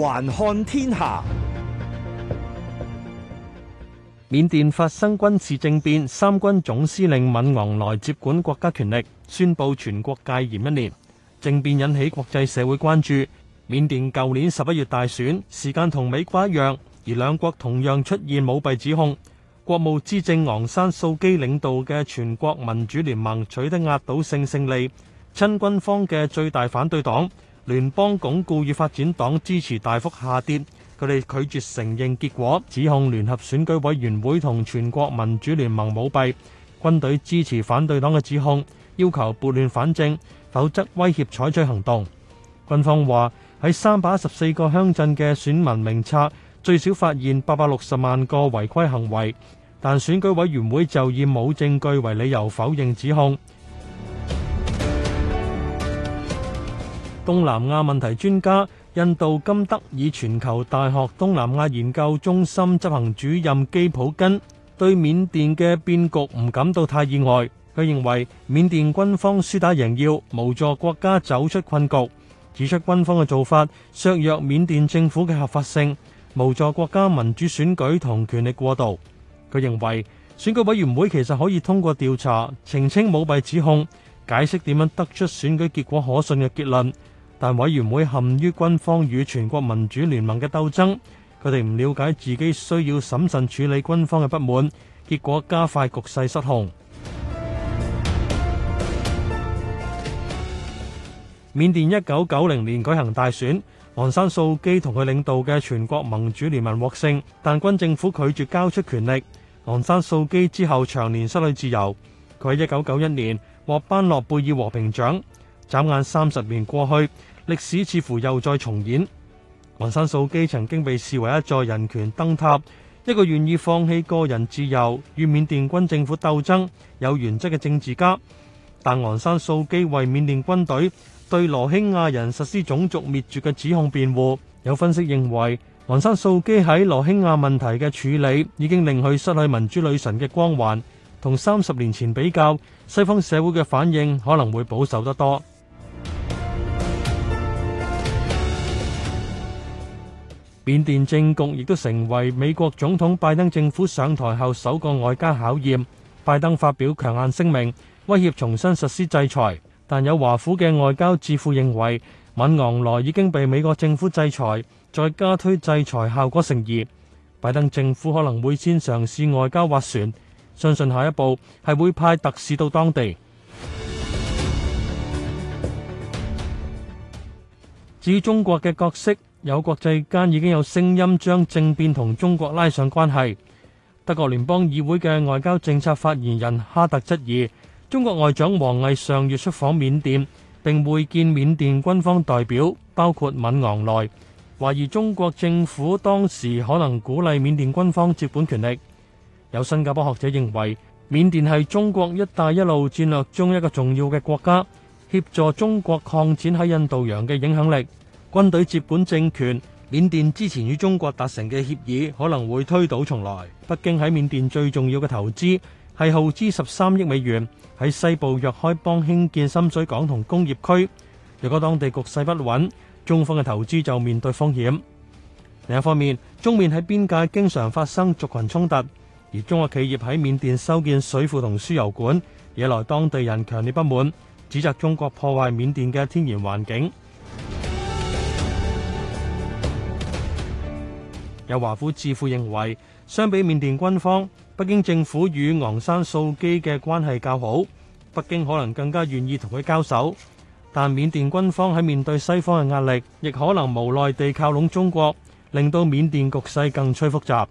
環看天下，緬甸發生軍事政變，三軍總司令敏昂萊接管國家權力，宣布全國戒嚴一年。政變引起國際社會關注。緬甸舊年十一月大選時間同美國一樣，而兩國同樣出現舞弊指控。國務資政昂山素基領導嘅全國民主聯盟取得壓倒性勝，勝利，親軍方嘅最大反對黨聯邦鞏固與發展黨支持大幅下跌，佢哋拒絕承認結果，指控聯合選舉委員會同全國民主聯盟舞弊，軍隊支持反對黨嘅指控，要求撥亂反正，否則威脅採取行動。軍方話喺三百十四個鄉鎮嘅選民名冊最少發現八百六十萬個違規行為，但選舉委員會就以冇證據為理由否認指控。東南亞問題專家、印度金德爾全球大學東南亞研究中心執行主任基普根對緬甸嘅變局唔感到太意外。佢認為緬甸軍方輸打贏要無助國家走出困局，指出軍方嘅做法削弱緬甸政府嘅合法性，無助國家民主選舉同權力過渡。佢認為選舉委員會其實可以通過調查澄清舞弊指控，解釋點樣得出選舉結果可信嘅結論。但委員會陷於軍方與全國民主聯盟嘅鬥爭，佢哋唔了解自己需要審慎處理軍方嘅不滿，結果加快局勢失控。 緬甸一九九零年舉行大選，昂山素姬同佢領導嘅全國民主聯盟獲勝，但軍政府拒絕交出權力。昂山素姬之後長年失去自由，佢喺一九九一年獲頒諾貝爾和平獎。眨眼三十年過去，歷史似乎又再重演。昂山素姬曾經被視為一座人權燈塔、一個願意放棄個人自由與緬甸軍政府鬥爭有原則嘅政治家。但昂山素姬為緬甸軍隊對羅興亞人實施種族滅絕嘅指控辯護，有分析認為昂山素姬喺羅興亞問題嘅處理已經令佢失去民主女神嘅光環。同三十年前比較，西方社會嘅反應可能會保守得多。緬甸政局亦都成為美國總統拜登政府上台後首個外交考驗。拜登發表強硬聲明，威脅重新實施制裁，但有華府嘅外交智庫認為，敏昂萊已經被美國政府制裁，再加推制裁效果成疑。拜登政府可能會先嘗試外交斡旋，相信下一步係會派特使到當地。 至於中國嘅角色？有國際間已經有聲音將政變同中國拉上關係。德國聯邦議會嘅外交政策發言人哈特質疑中國外長王毅上月出訪緬甸並會見緬甸軍方代表，包括敏昂萊，懷疑中國政府當時可能鼓勵緬甸軍方接管權力。有新加坡學者認為，緬甸係中國「一帶一路」戰略中一個重要嘅國家，協助中國擴展喺印度洋嘅影響力。軍隊接管政權，緬甸之前與中國達成嘅協議可能會推倒重來。北京喺緬甸最重要嘅投資係耗資十三億美元，喺西部若開邦興建深水港同工業區。若果當地局勢不穩，中方嘅投資就面對風險。另一方面，中緬喺邊界經常發生族群衝突，而中國企業喺緬甸修建水庫同輸油管，惹來當地人強烈不滿，指責中國破壞緬甸嘅天然環境。有華府智庫認為，相比緬甸軍方，北京政府與昂山素姬嘅關係較好，北京可能更加願意同佢交手。但緬甸軍方喺面對西方嘅壓力，亦可能無奈地靠攏中國，令到緬甸局勢更趨複雜。